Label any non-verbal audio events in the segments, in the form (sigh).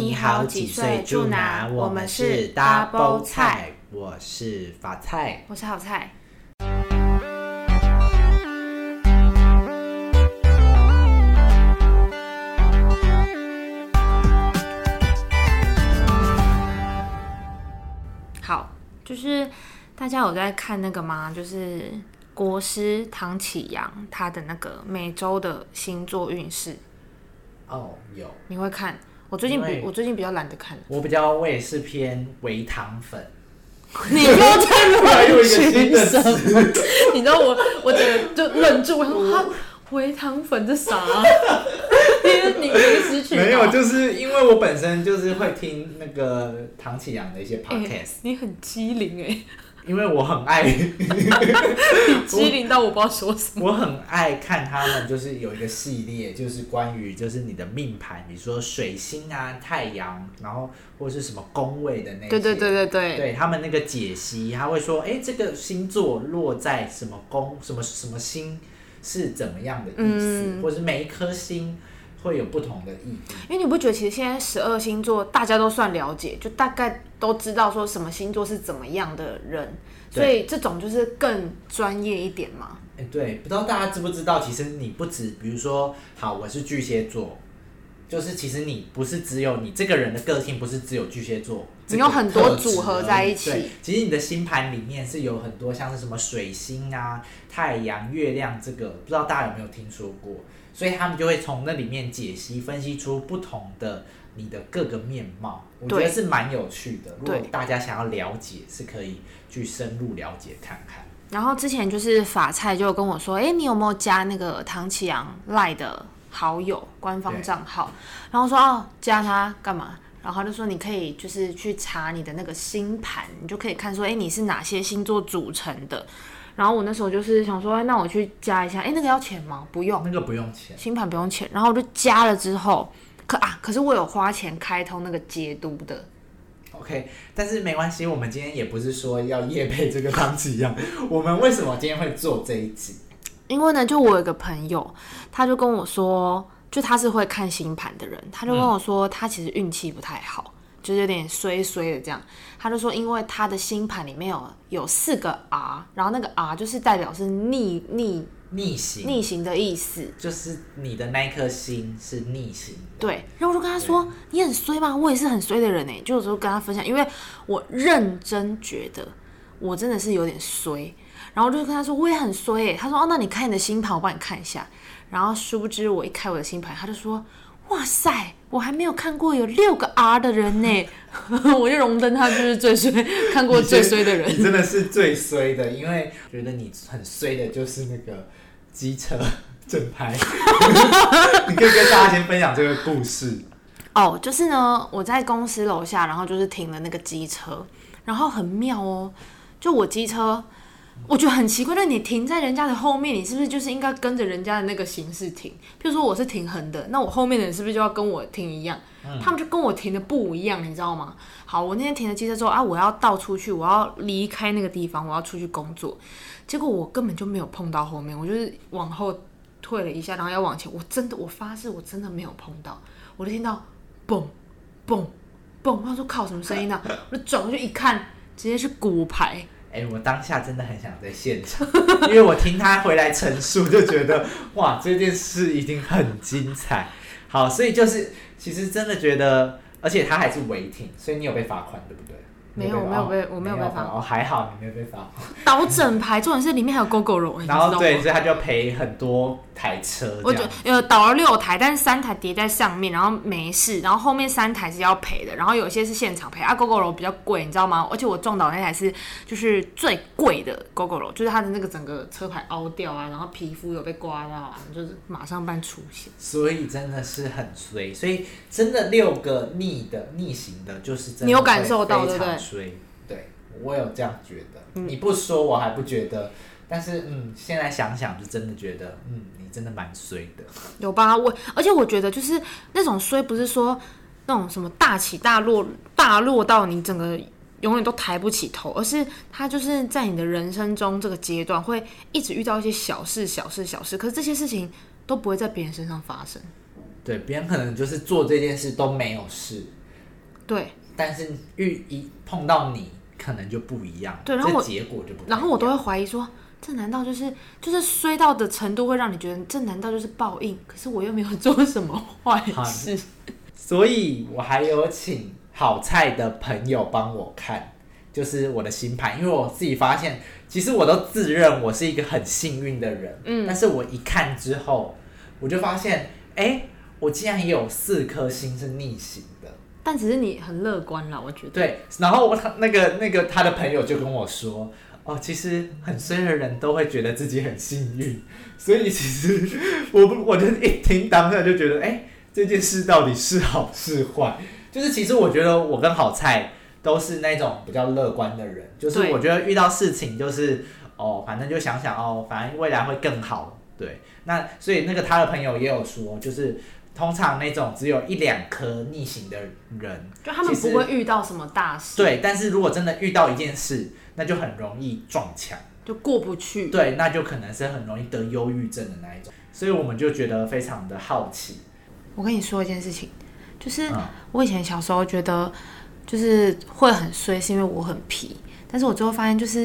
.你好幾歲，幾歲住哪，住哪？我們是 Double 菜，我是法菜，我是好菜。好，就是大家有在看那個嗎？就是國師唐綺陽他的那個每周的星座運勢。哦，oh, 有，你會看？我最近不，我最近比較懶得看。我比較，我也是偏微唐粉。 (laughs) 你不要再亂取？ (laughs) 你知道我，我的就忍住，嗯、我說他微唐粉這啥、啊？ (laughs) 你沒有，就是因為我本身就是會聽那個唐綺陽的一些 podcast、欸。你很機靈哎、欸。因為我很愛，機靈到我不知道說什麼。我很愛看他們，就是有一個系列，就是關於就是你的命盤，比如說水星啊、太陽，然後或者是什麼宮位的那些，對對對對對，對他們那個解析，他會說，哎，這個星座落在什麼宮，什麼什麼星是怎麼樣的意思，或者是每一顆星。會有不同的意義，因為你不覺得其實現在十二星座大家都算了解，就大概都知道說什麼星座是怎麼樣的人，對所以這種就是更專業一點嗎？哎，對，不知道大家知不知道，其實你不止，比如說，好，我是巨蟹座。就是其實你不是只有你這個人的個性，不是只有巨蟹座，你有很多組合在一起。其實你的星盤裡面是有很多像是什麼水星啊、太陽、月亮這個，不知道大家有沒有聽說過？所以他們就會從那裡面解析、分析出不同的你的各個面貌。對 我覺得是蠻有趣的。如果大家想要了解，是可以去深入了解看看。對 然後之前就是法蔡就跟我說：“哎、欸，你有沒有加那個唐綺陽賴的？”好友官方賬號，對然後說哦，加他幹嘛？然後他就說你可以就是去查你的那個星盤，你就可以看說，哎、欸，你是哪些星座組成的。然後我那時候就是想說，哎、欸，那我去加一下，哎、欸，那個要錢嗎？不用，那個不用錢，星盤不用錢。然後我就加了之後，可啊，可是我有花錢開通那個解讀的。OK，但是沒關係，我們今天也不是說要業配這個檔期一樣， (laughs) 我們為什麼今天會做這一集？因為呢，就我有個朋友，他就跟我說，就他是會看星盤的人，他就跟我說，他其實運氣不太好，嗯、就是有點衰衰的這樣。他就說，因為他的星盤裡面有有四個 R，然後那個 R 就是代表是逆逆逆行逆行的意思，就是你的那顆星是逆行。對，然後我就跟他說，對你很衰嗎？我也是很衰的人呢、欸。就是說跟他分享，因為我認真覺得我真的是有點衰。然後就跟他說我也很衰、欸，他說哦，那你看你的星盤，我幫你看一下。然後殊不知我一開我的星盤，他就說哇塞，我還沒有看過有六個 R 的人呢、欸， (laughs) 我就榮登他就是最衰 (laughs) 看過最衰的人，真的是最衰的，因為覺得你很衰的就是那個機車正拍， (laughs) 你可以跟大家先分享這個故事哦， (laughs) oh, 就是呢我在公司樓下，然後就是停了那個機車，然後很妙哦，就我機車。我覺得很奇怪，那你停在人家的後面，你是不是就是應該跟着人家的那個形式停？譬如說我是停橫的，那我後面的人是不是就要跟我停一樣？嗯、他們就跟我停的不一樣，你知道嗎？好，我那天停了機車之後啊，我要倒出去，我要離開那個地方，我要出去工作。結果我根本就沒有碰到後面，我就是往後退了一下，然後要往前，我真的，我發誓，我真的沒有碰到。我就聽到嘣嘣嘣，他說靠，什麼聲音呢？我就轉、啊、過去一看，直接是骨牌。哎、欸，我當下真的很想在現場，因為我聽他回來陳述就覺得， (laughs) 哇，這件事一定很精彩。好，所以就是其實真的覺得，而且他還是違停，所以你有被罰款對不對？沒有，沒有我沒有被罰。哦，還好你沒有被罰。倒整排，重點 (laughs) 是裡面還有 GoGoro。然後對，所以他就賠很多。台車，我覺呃倒了六台，但是三台疊在上面，然後沒事，然後後面三台是要賠的，然後有些是現場賠啊。g o 狗 o 比較貴，你知道嗎？而且我撞倒那台是就是最貴的 g o 狗 o 就是它的那個整個車牌凹掉啊，然後皮膚有被刮到，啊，就是馬上辦出險。所以真的是很衰，所以真的六個逆的逆行的，就是真的衰，你有感受非常衰。對，對，對，我有這樣覺得，嗯、你不說我還不覺得，但是嗯，現在想想就真的覺得嗯。真的蠻衰的，有吧？我而且我覺得就是那種衰，不是說那種什麼大起大落，大落到你整個永遠都抬不起頭，而是他就是在你的人生中這個階段，會一直遇到一些小事、小事、小事，可是這些事情都不會在別人身上發生。對，別人可能就是做這件事都沒有事，對，但是遇一碰到你，可能就不一樣。對，然後結果就不，然後我都會懷疑說。這難道就是就是衰到的程度，會讓你覺得這難道就是報應？可是我又沒有做什麼壞事，啊、所以我還有請好菜的朋友幫我看，就是我的星盤，因為我自己發現，其實我都自認我是一個很幸運的人，嗯，但是我一看之後，我就發現，哎，我竟然也有四顆星是逆行的，但只是你很樂觀啦，我覺得對，然後我那個那個他的朋友就跟我說。哦，其實很衰的人都會覺得自己很幸運，所以其實我不，我就一聽，當下就覺得，哎、欸，這件事到底是好是壞？就是其實我覺得我跟好菜都是那種比較樂觀的人，就是我覺得遇到事情就是對哦，反正就想想哦，反正未來會更好。對，那所以那個他的朋友也有說，就是通常那種只有一兩顆逆行的人，就他們不會遇到什麼大事。對，但是如果真的遇到一件事。那就很容易撞牆，就過不去。對，那就可能是很容易得憂鬱症的那一種。所以我們就覺得非常的好奇。我跟你說一件事情，就是、嗯、我以前小時候覺得就是會很衰，是因為我很皮。但是我最後發現，就是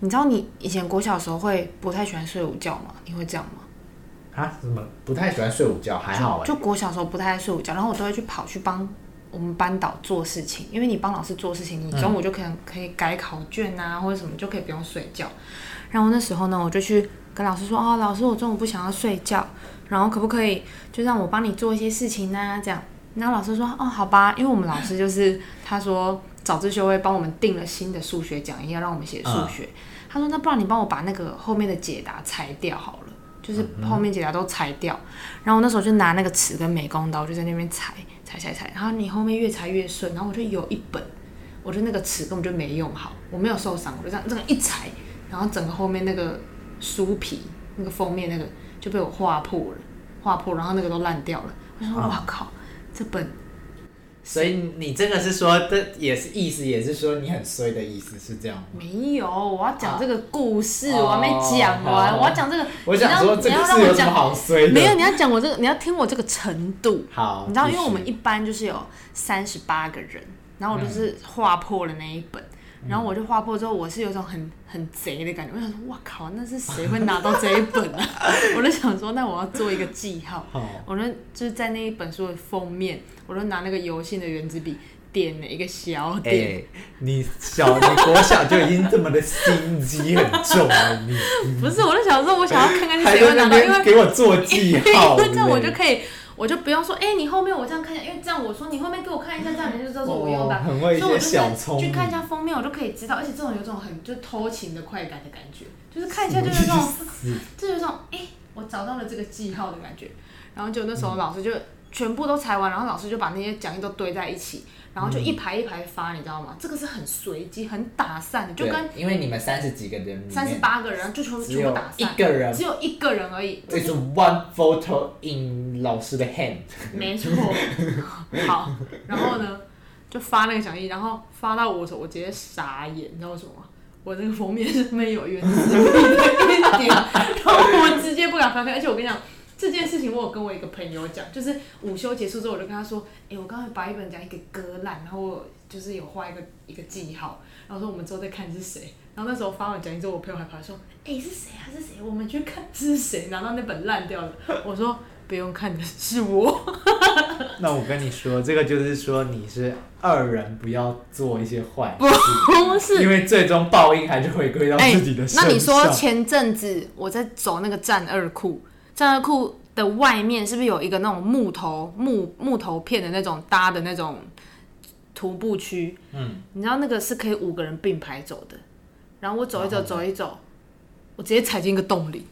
你知道你以前國小時候會不太喜歡睡午覺嗎？你會這樣嗎？啊？怎麼不太喜歡睡午覺？嗯、還好啊、欸，就國小時候不太愛睡午覺，然後我都會去跑去幫。我們班導做事情，因為你幫老師做事情，你中午就可以可以改考卷啊，或者什麼就可以不用睡覺。然後那時候呢，我就去跟老師說：“哦，老師，我中午不想要睡覺，然後可不可以就讓我幫你做一些事情呢、啊？”這樣，然後老師說：“哦，好吧。”因為我們老師就是 (laughs) 他說早自修會幫我們訂了新的數學講義要讓我們寫數學，嗯、他說：“那不然你幫我把那個後面的解答裁掉好了，就是後面解答都裁掉。嗯嗯”然後我那時候就拿那個尺跟美工刀就在那邊裁。踩踩踩，然後你後面越踩越順，然後我就有一本，我就那個尺根本就沒用好，我沒有受傷，我就這樣這樣、個、一踩，然後整個後面那個書皮、那個封面那個就被我劃破了，劃破，然後那個都爛掉了。我想說，好哇靠，這本。所以你真的是說的，這也是意思，也是說你很衰的意思，是這樣。沒有，我要講這個故事，啊、我還沒講完，oh, 我要講這個。好你要我要說，你要讓我講有什麼好衰的，沒有，你要講我這個，你要聽我這個程度。好，你知道，是是因為我們一般就是有三十八個人，然後我就是劃破了那一本。嗯嗯、然後我就劃破之後，我是有種很很賊的感覺。我想說，哇靠，那是誰會拿到這一本啊？ (laughs) 我就想說，那我要做一個記號。哦、我那就是在那一本書的封面，我都拿那個油性的原子筆點了一個小點。欸、你小你國小就已經這麼的心機很重了， (laughs) 你不是？我就想說我想要看看你誰會拿到，因為給我做記號，那 (laughs) 我就可以。我就不用說，哎、欸，你後面我這樣看一下，因為這樣我說你後面給我看一下，這樣你就知道是我用的。哦哦、很些小蟲，所以我就在去看一下封面，我就可以知道。而且這種有種很就偷情的快感的感覺，就是看一下就是這種，是是是就是哎、欸，我找到了這個記號的感覺，然後就那時候老師就。嗯全部都裁完，然後老師就把那些講義都堆在一起，然後就一排一排發，嗯，你知道嗎？這個是很隨機、很打散的，就跟因為你們三十幾個人，三十八個人就全部打散，只有一個人，只有一個人而已。這是 one photo in 老師的 hand，沒錯。好，然後呢，就發那個講義，然後發到我手，我直接傻眼，你知道為什麼嗎？我這個封面是沒有原子筆的一點， (laughs) 然後我直接不敢翻開，而且我跟你講。這件事情我有跟我一個朋友講，就是午休結束之後，我就跟他說：“哎、欸，我剛才把一本講義給割爛，然後我就是有畫一個一個記號，然後說我們之後再看是誰。”然後那時候發完講義之後，我朋友還跑來說：“哎、欸，是誰啊？是誰？我們去看是誰拿到那本爛掉了。”我說：“不用看的是我。” (laughs) (laughs) 那我跟你說，這個就是說你是二人不要做一些壞事， (laughs) 不是因為最終報應還是回歸到自己的、欸。那你說前陣子我在走那個戰二庫。戰地庫的外面是不是有一個那種木頭木木頭片的那種搭的那種徒步區？嗯，你知道那個是可以五個人並排走的。然後我走一走，哦、走一走，我直接踩進一個洞裡。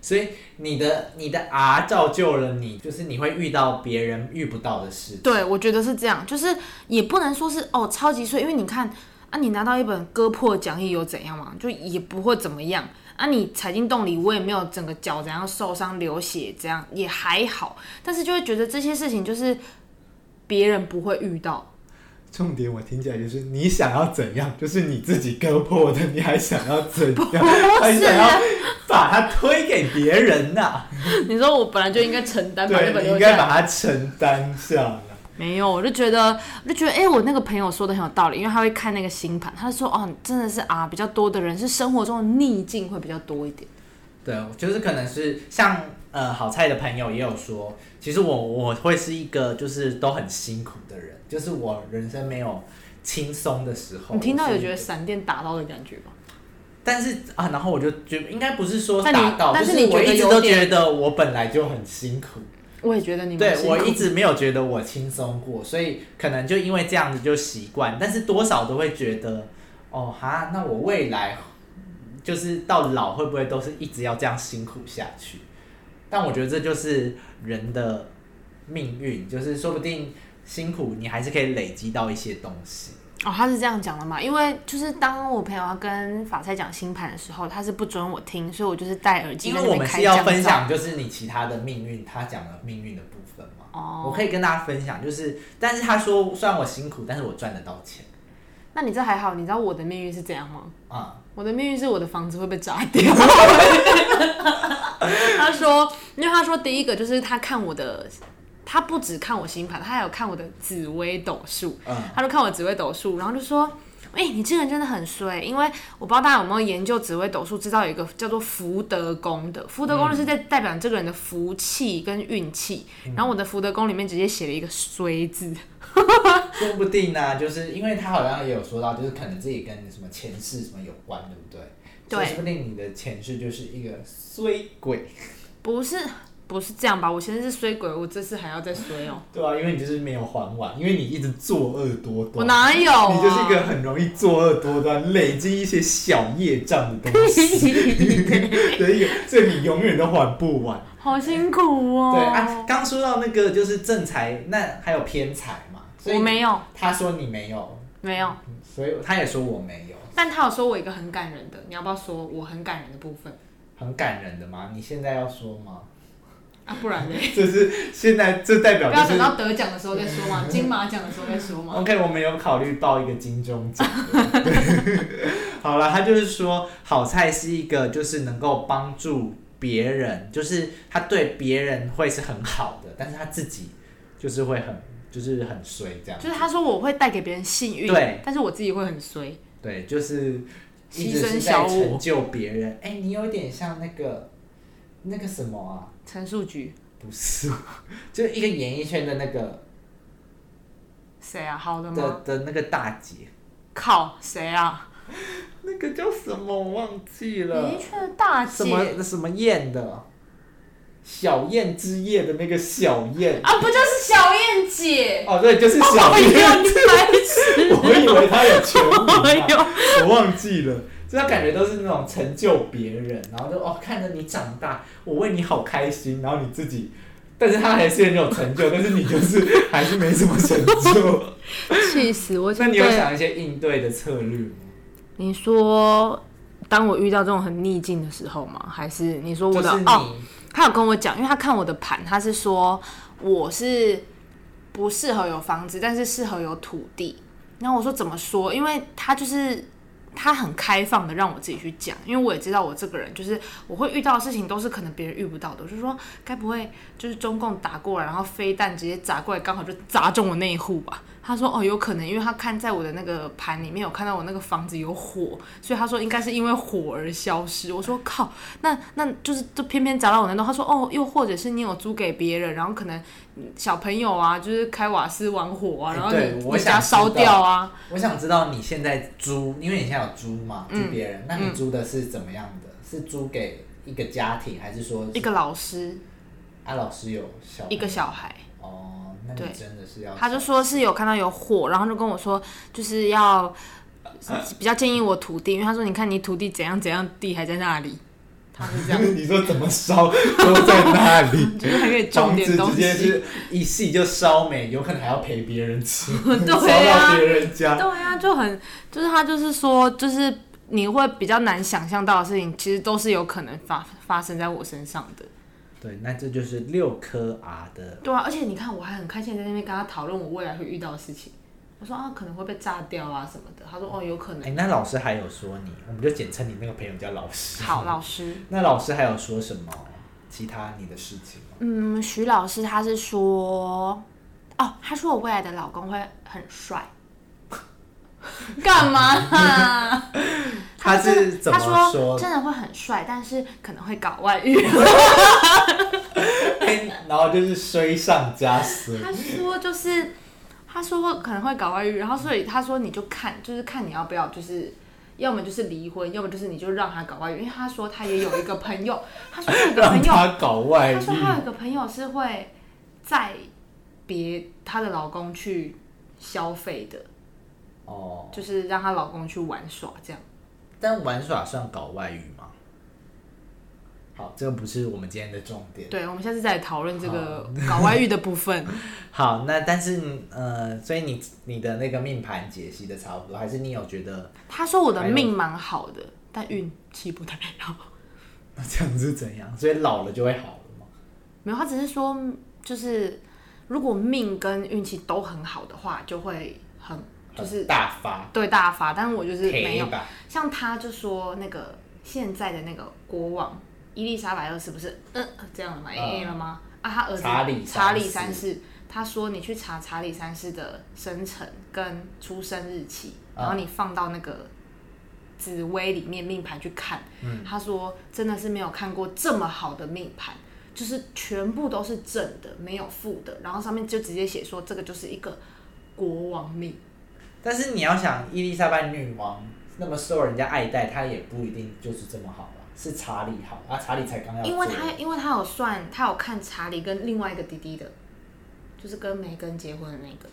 所以你的你的 R 造就了你，就是你會遇到別人遇不到的事。對，我覺得是這樣，就是也不能說是哦超級衰，因為你看啊，你拿到一本割破講義又怎樣嘛？就也不會怎麼樣。那、啊、你踩進洞裡，我也沒有整個腳怎樣受傷流血，這樣也還好。但是就會覺得這些事情就是別人不會遇到。重點我聽起來就是你想要怎樣，就是你自己割破的，你還想要怎樣？是啊、還想要把它推給別人呢、啊？你說我本來就應該承擔，對，你應該把它承擔下。沒有，我就覺得，我就覺得，哎，我那個朋友說的很有道理，因為他會看那個星盤，他說，哦，真的是啊，比較多的人是生活中的逆境會比較多一點。對，就是可能是像呃，好菜的朋友也有說，其實我我會是一個就是都很辛苦的人，就是我人生沒有輕鬆的時候。你聽到有覺得閃電打到的感覺嗎？但是啊，然後我就覺得應該不是說打到，但是，你就是我一直都覺得我本來就很辛苦。我也覺得你辛苦。對，我一直沒有覺得我輕鬆過，所以可能就因為這樣子就習慣，但是多少都會覺得，哦哈，那我未來就是到老會不會都是一直要這樣辛苦下去？但我覺得這就是人的命運，就是說不定辛苦你還是可以累積到一些東西。哦，他是這樣講的嘛？因為就是當我朋友要跟法蔡講星盤的時候，他是不准我聽，所以我就是戴耳機。因為我們是要分享，就是你其他的命運，他講了命運的部分嘛。哦，我可以跟大家分享，就是但是他說，雖然我辛苦，但是我賺得到錢。那你這還好，你知道我的命運是怎樣嗎？啊、嗯，我的命運是我的房子會被炸掉。 (laughs) (laughs) (laughs) 他說，因為他說第一個就是他看我的。他不只看我星盤，他還有看我的紫微斗數。嗯，他就看我的紫微斗數，然後就說：“哎、欸，你這個人真的很衰。”因為我不知道大家有沒有研究紫微斗數，知道有一個叫做福德宮的，福德宮就是在代表這個人的福氣跟運氣。嗯、然後我的福德宮裡面直接寫了一個衰字，嗯、 (laughs) 說不定呢、啊，就是因為他好像也有說到，就是可能自己跟什麼前世什麼有關，對不對？對，說不定你的前世就是一個衰鬼，不是。不是這樣吧？我現在是衰鬼，我這次還要再衰哦、喔。對啊，因為你就是沒有還完，因為你一直作惡多端。我哪有、啊？你就是一個很容易作惡多端、累積一些小業障的東西，所以 (laughs) (laughs) 所以你永遠都還不完。好辛苦哦、喔。對，剛、啊、說到那個就是正財，那還有偏財嘛？我沒有。他說你沒有，沒有、嗯。所以他也說我沒有，但他有說我一個很感人的，你要不要說我很感人的部分？很感人的嗎？你現在要說嗎？啊、不然呢？就是現在，就代表、就是、不要等到得獎的時候再說嘛，嗯、金馬獎的時候再說嘛。OK，我們有考慮報一個金鐘獎。 (laughs) 對 (laughs) 好了，他就是說，好菜是一個就是能夠幫助別人，就是他對別人會是很好的，但是他自己就是會很就是很衰這樣。就是他說我會帶給別人幸運，對，但是我自己會很衰。對，就是犧牲小我成就別人。哎、欸，你有點像那個那個什麼啊？陳述句不是，就一個演藝圈的那個誰啊？好的嗎？的的那個大姐，靠誰啊？那個叫什麼我忘記了。演藝圈的大姐，什麼什麼燕的，小燕之夜的那個小燕啊，不就是小燕姐？ (laughs) 哦，對，就是小燕，啊、我你 (laughs) 我以為她有全名，我忘記了。就他感覺都是那種成就別人，然後就哦看着你長大，我為你好開心，然後你自己，但是他還是很有成就， (laughs) 但是你就是還是沒什麼成就，氣 (laughs) 死我覺得！那你有想一些應對的策略嗎？你說當我遇到這種很逆境的時候嗎？還是你說我的哦？Oh, 他有跟我講，因為他看我的盤，他是說我是不適合有房子，但是適合有土地。然後我說怎麼說？因為他就是。他很開放的讓我自己去講，因為我也知道我這個人就是我會遇到的事情都是可能別人遇不到的，我就是說該不會就是中共打過來，然後飛彈直接砸過來，剛好就砸中我那一戶吧？他說哦，有可能，因為他看在我的那個盤裡面有看到我那個房子有火，所以他說應該是因為火而消失。我說靠，那那就是就偏偏砸到我那棟。他說哦，又或者是你有租給別人，然後可能。小朋友啊，就是開瓦斯玩火啊，然後把、欸、家燒掉啊。我想知道你現在租，因為你現在有租嘛，租別人。嗯、那你租的是怎麼樣的？嗯、是租給一個家庭，還是說是一個老師？啊，老師有小一個小孩哦。那你真的是要，他就說是有看到有火，然後就跟我說，就是要比較建議我徒弟，呃、因為他說，你看你徒弟怎樣怎樣地還在那裡。他這樣 (laughs) 你說怎麼燒都在那裡， (laughs) 就是還可以種點東西子直接是一係就燒沒，有可能還要陪別人吃，燒、 (laughs) 啊、到別人家。對呀、啊，就很就是他就是說，就是你會比較難想象到的事情，其實都是有可能發發生在我身上的。對，那這就是六顆 R 的。對啊，而且你看，我還很開心在那邊跟他討論我未來會遇到的事情。我說啊，可能會被炸掉啊什麼的。他說哦，有可能。哎、欸，那老師還有說你，我們就簡稱你那個朋友叫老師。好，老師。那老師還有說什麼其他你的事情嗎？嗯，徐老師他是說，哦，他說我未來的老公會很帥，幹 (laughs) 嘛呢、啊？ (laughs) 他是怎麼說？他說真的會很帥，但是可能會搞外遇。 (laughs) (laughs) 欸、然後就是衰上加死。他說就是。他說過可能會搞外遇，然後所以他說你就看，就是看你要不要，就是要麼就是離婚，要麼就是你就讓他搞外遇。因為他說他也有一個朋友， (laughs) 他，說他說他有個朋友，他說他有個朋友是會在別她的老公去消費的，哦，就是讓她老公去玩耍這樣，但玩耍算搞外遇？好，這個不是我們今天的重點。對，我們下次再討論這個搞外遇的部分。好，那，好那但是呃，所以你你的那個命盤解析的差不多，還是你有覺得？他說我的命蠻好的，有但運氣不太好。那這樣子怎樣？所以老了就會好了嗎？沒有，他只是說，就是如果命跟運氣都很好的話，就會很就是很大發對大發。但是我就是沒有像他就說那個現在的那個國王。伊麗莎白二是不是，呃、嗯、這樣的嗎？A A 了嗎？嗯、啊，他兒子查理，查理三世，他說你去查查理三世的生辰跟出生日期，嗯、然後你放到那個紫微裡面命盤去看。他說真的是沒有看過這麼好的命盤，嗯、就是全部都是正的，沒有負的，然後上面就直接寫說這個就是一個國王命。但是你要想伊麗莎白女王那麼受人家愛戴，她也不一定就是這麼好。是查理好，啊，查理才剛要。因為他因為他有算，他有看查理跟另外一個弟弟的，就是跟梅根結婚的那個。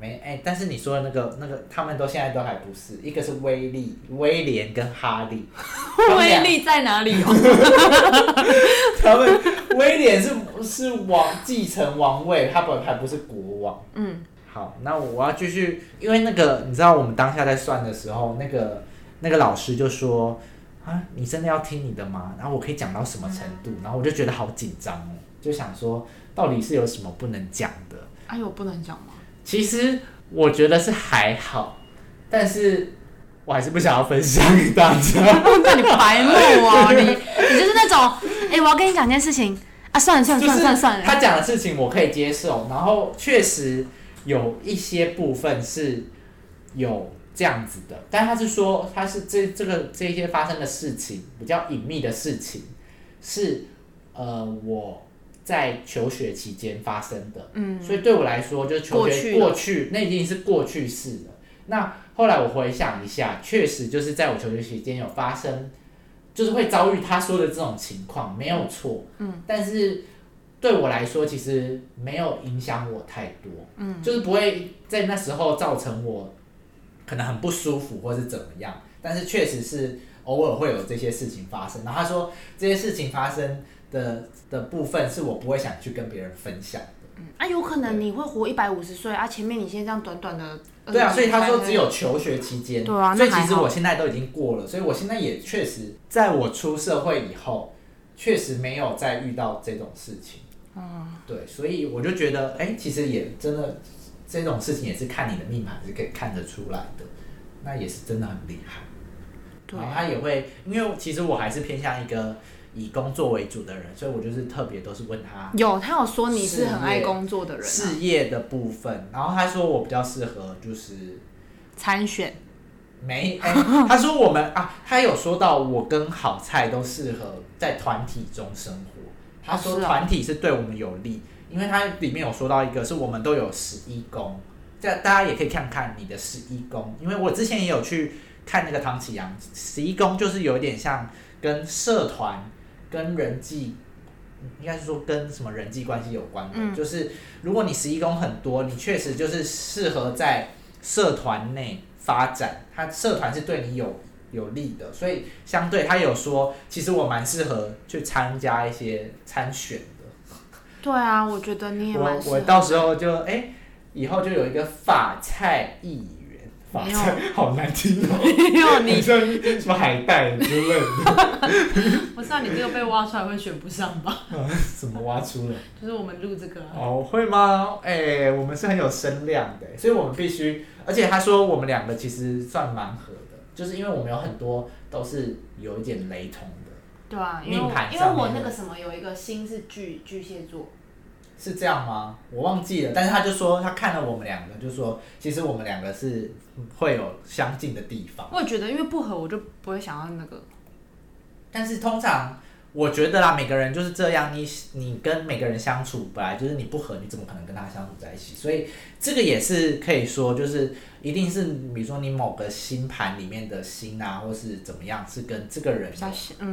沒哎、欸，但是你說的那個那個，他們都現在都還不是，一個是威利威廉跟哈利。 (laughs) 威利在哪裡？ (laughs) (laughs) 他們威廉是是王繼承王位，他本還不是國王。嗯，好，那我要繼續，因為那個你知道，我們當下在算的時候，那個那個老師就說。啊，你真的要聽你的嗎？然後我可以講到什麼程度？然後我就覺得好緊張哦，就想說到底是有什麼不能講的？哎呦，不能講嗎？其實我覺得是還好，但是我還是不想要分享給大家。那你 (laughs) 白目啊！你你就是那種，哎、欸，我要跟你講件事情啊，算了算了算了算了，他講的事情我可以接受，然後確實有一些部分是有。這樣子的，但他是說，他是這這個這些發生的事情比較隱秘的事情，是呃我在求學期間發生的，嗯，所以對我來說就是求學過去，過去那已經是過去式了。那後來我回想一下，確實就是在我求學期間有發生，就是會遭遇他說的這種情況，沒有錯，嗯，嗯，但是對我來說其實沒有影響我太多，嗯，就是不會在那時候造成我。可能很不舒服，或是怎麼樣，但是確實是偶爾會有這些事情發生。然後他說，這些事情發生的的部分是我不會想去跟別人分享的。嗯，那、啊、有可能你會活一百五十歲對啊？前面你現在這樣短短的、M，對啊，所以他說只有求學期間，對啊，所以其實我現在都已經過了，所以我現在也確實在我出社會以後，確實沒有再遇到這種事情。哦、嗯，對，所以我就覺得，哎，其實也真的。這種事情也是看你的命盤是可以看得出來的，那也是真的很厲害。對啊、然後他也會，因為其實我還是偏向一個以工作為主的人，所以我就是特別都是問他，有他有說你是很愛工作的人，啊，事業的部分。然後他說我比較適合就是參選，沒、哎，他說我們 (laughs) 啊，他有說到我跟好菜都適合在團體中生活，他說團體是對我們有利。因為它裡面有說到一個是我們都有十一宮，這大家也可以看看你的十一宮。因為我之前也有去看那個唐綺陽，十一宮就是有一點像跟社團、跟人際，應該是說跟什麼人際關係有關的，嗯、就是如果你十一宮很多，你確實就是適合在社團內發展，它社團是對你有有利的，所以相對他有說，其實我蠻適合去參加一些參選。對啊，我覺得你也蠻。我我到時候就哎、欸，以後就有一個法蔡議員，法蔡有好難聽哦。你有你像什麼海帶，你就認。我知道你這個被挖出來會選不上吧？啊、怎麼挖出來？ (laughs) 就是我們錄這個哦，會嗎？哎、欸，我們是很有聲量的，所以我們必須。而且他說我們兩個其實算蠻合的，就是因為我們有很多都是有一點雷同的。對啊，因為，因為我因為我那個什麼有一個星是巨巨蟹座，是這樣嗎？我忘記了，但是他就說他看了我們兩個，就說其實我們兩個是會有相近的地方。我覺得，因為不合，我就不會想要那個。但是通常我覺得啦，每個人就是這樣，你你跟每個人相處不，本來就是你不合，你怎麼可能跟他相處在一起？所以。這個也是可以說，就是一定是，比如說你某個星盤裡面的星啊，或是怎麼樣，是跟這個人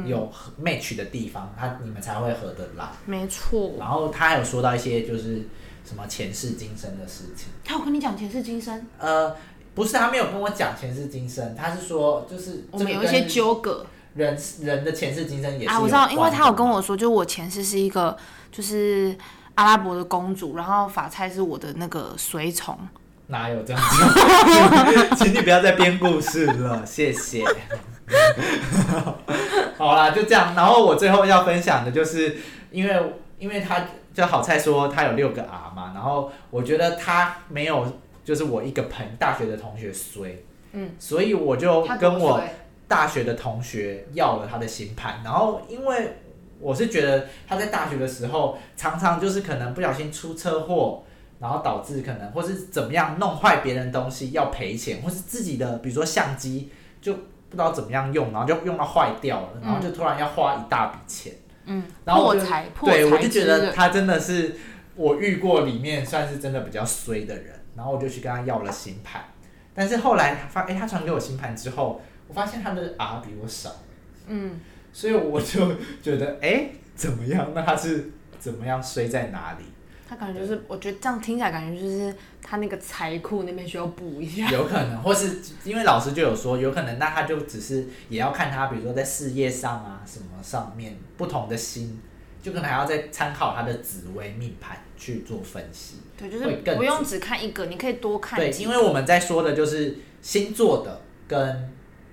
有有 match 的地方，他你們才會合得來。沒錯。然後他還有說到一些就是什麼前世今生的事情。他有跟你講前世今生？呃，不是，他沒有跟我講前世今生，他是說就是我們有一些糾葛。人人的前世今生也是、啊、我知道，因為他有跟我說，就是我前世是一個就是。阿拉伯的公主，然後法菜是我的那個隨從。哪有這樣子？請你 (laughs) (laughs) 不要再編故事了，謝謝。 (laughs) 好啦，就這樣。然後我最後要分享的就是，因為因為他就好菜說他有六個 R 嘛，然後我覺得他沒有，就是我一個朋大學的同學衰，嗯，所以我就跟我大學的同學要了他的星盤，然後因為。我是覺得他在大學的時候，常常就是可能不小心出車禍，然後導致可能或是怎麼樣弄壞別人東西要賠錢，或是自己的比如說相機就不知道怎麼樣用，然後就用到壞掉了，然後就突然要花一大筆錢。嗯。破財破財。對，破我就覺得他真的是我遇過裡面算是真的比較衰的人，然後我就去跟他要了星盤，但是後來他發，哎、欸，他傳給我星盤之後，我發現他的 R 比我少。嗯。所以我就覺得，哎、欸，怎麼樣？那他是怎麼樣衰在哪裡？他感覺就是，對我覺得這樣聽起來感覺就是他那個財庫那邊需要補一下。有可能，或是因為老師就有說，有可能那他就只是也要看他，比如說在事業上啊什麼上面不同的星，就可能還要再參考他的紫微命盤去做分析。對，就是不用只看一個，你可以多看。對，因為我們在說的就是星座的跟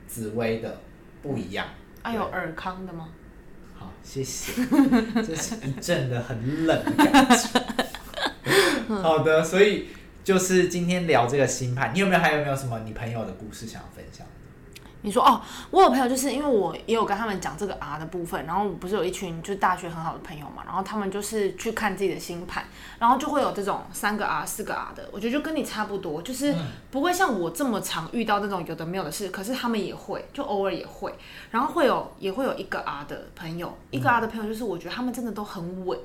紫微的不一樣。嗯還、啊、有爾康的嗎？好，謝謝。 (laughs) 這是一陣的很冷的感覺。 (laughs) (laughs) 好的，所以就是今天聊這個星盤，你有沒有？還有沒有什麼你朋友的故事想要分享的？你說哦，我有朋友，就是因為我也有跟他們講這個 R 的部分，然後我不是有一群就是大學很好的朋友嘛，然後他們就是去看自己的星盤，然後就會有這種三個 R、四個 R 的，我覺得就跟你差不多，就是不會像我這麼常遇到那種有的沒有的事，可是他們也會，就偶爾也會，然後會有也會有一個 R 的朋友，一個 R 的朋友就是我覺得他們真的都很穩，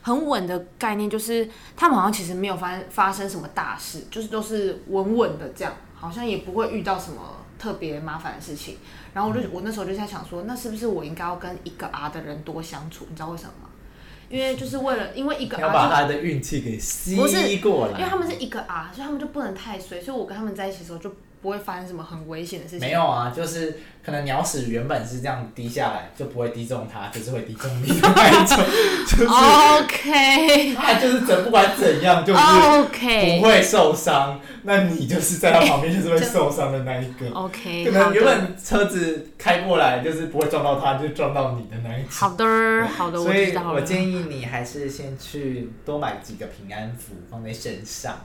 很穩的概念就是他們好像其實沒有發生發生什麼大事，就是都是穩穩的這樣，好像也不會遇到什麼。特別麻煩的事情，然後我就、嗯、我那時候就在想說，那是不是我應該要跟一個 R 的人多相處？你知道為什麼嗎？因為就是為了因為一個 R 把他的運氣給吸過來。不是，因為他們是一個 R，所以他們就不能太衰，所以我跟他們在一起的時候就。不會發生什麼很危險的事情？嗯。沒有啊，就是可能鳥屎原本是這樣滴下來，就不會滴中它，就是會滴中你的那一種。OK。它就是整 Okay. 不管怎樣，就是不會受傷。Okay. 那你就是在它旁邊，就是會受傷的那一個。 (laughs) OK。可能原本車子開過來，就是不會撞到它，就撞到你的那一種。好的，對好的。所以，我建議你還是先去多買幾個平安符放在身上。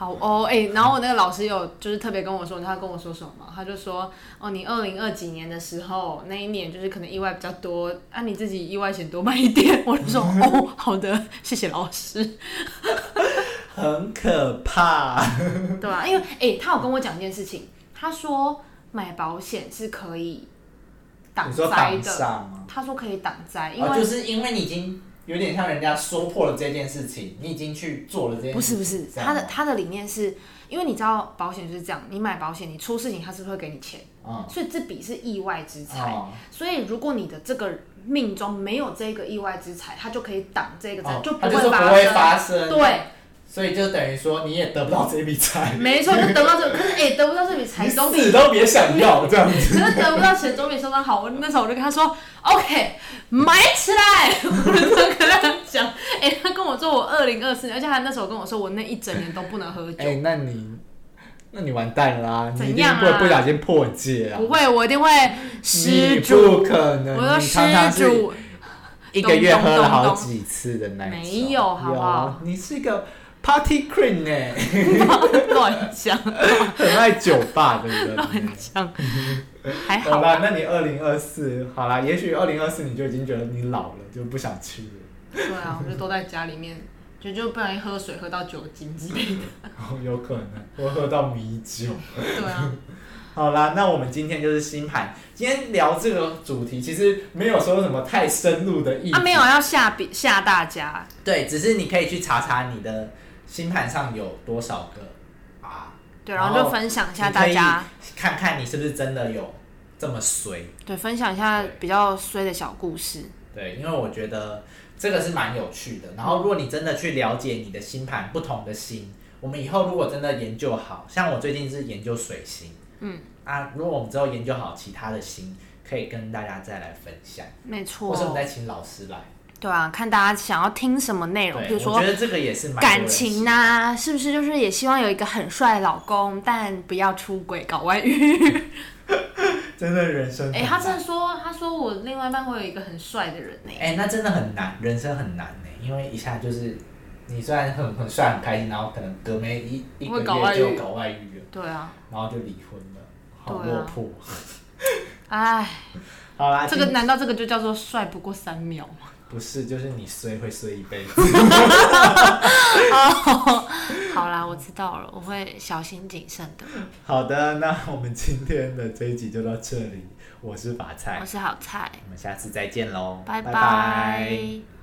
好哦，哎、欸，然後我那個老師有就是特別跟我說，他跟我說什麼？他就說，哦，你二零二幾年的時候那一年就是可能意外比較多，那、啊、你自己意外險多買一點。我就說，哦，好的，謝謝老師。 (laughs) 很可怕， (laughs) 對吧、啊？因為，哎、欸，他有跟我講一件事情，他說買保險是可以擋災的，說他說可以擋災，因為、哦、就是因為你已經。有點像人家說破了這件事情，你已經去做了這件事情。不是不是，他的他的理念是，因為你知道保險是這樣，你買保險，你出事情，他是不是會給你錢？嗯、所以這筆是意外之財。哦、所以如果你的這個命中沒有這個意外之財，他就可以擋這個災，哦、就不會發生。發生對。所以就等於說你也得不到這筆財，沒錯，就得不到這，可是也、欸、得不到這筆財，你死都別想要 (laughs) 這樣子。可 (laughs) 是得不到錢，總比收傷好。我那時候我就跟他說 (laughs) ，OK，埋起來。 (laughs) 我就跟他講，哎、欸，他跟我說我二零二四年，而且他那時候跟我說我那一整年都不能喝酒。哎、欸，那你，那你完蛋啦、啊！怎樣啊？不會不小心破戒啊？不會，我一定會失主。可能，我的失主常常一個月喝了好幾次的那東東東沒有，好不好、啊？你是一個。Party Queen 亂講， (laughs) 很愛酒吧的人、欸，亂講。還好啦、啊，那你二零二四，好啦，也許二零二四你就已經覺得你老了，就不想去了。對啊，我就都在家裡面， (laughs) 就就不容易喝水喝到酒精之類的。哦，有可能我喝到米酒。 (laughs) 對啊。好啦，那我們今天就是星盤，今天聊這個主題，其實沒有說什麼太深入的意義。啊，沒有要嚇嚇大家，對，只是你可以去查查你的。星盤上有多少個啊？對，然後就分享一下大家看看你是不是真的有這麼衰。對，分享一下比較衰的小故事。對，因為我覺得這個是蠻有趣的。然後，如果你真的去了解你的星盤不同的星，嗯、我們以後如果真的研究好，好像我最近是研究水星，嗯啊，如果我們之後研究好其他的星，可以跟大家再來分享。沒錯，或是我們再請老師來。對啊，看大家想要聽什麼內容，對比如說，我覺得這個也是蠻感情吶、啊，是不是？就是也希望有一個很帥的老公，但不要出軌搞外遇。 (laughs) (laughs) 真的人生很難，哎、欸，他真的說，他說我另外一半會有一個很帥的人呢、欸。哎、欸，那真的很難，人生很難、欸，因為一下就是你雖然很很帥很開心，然後可能隔沒一會一個月就搞外遇，對啊，然後就離婚了，好落魄。哎，好啦，這個先難道這個就叫做帥不過三秒嗎？不是，就是你衰會衰一輩子 (laughs) (laughs) 好。好啦，我知道了，我會小心謹慎的。好的，那我們今天的這一集就到這裡。我是法蔡，我是好菜，我們下次再見嘍，拜拜。Bye bye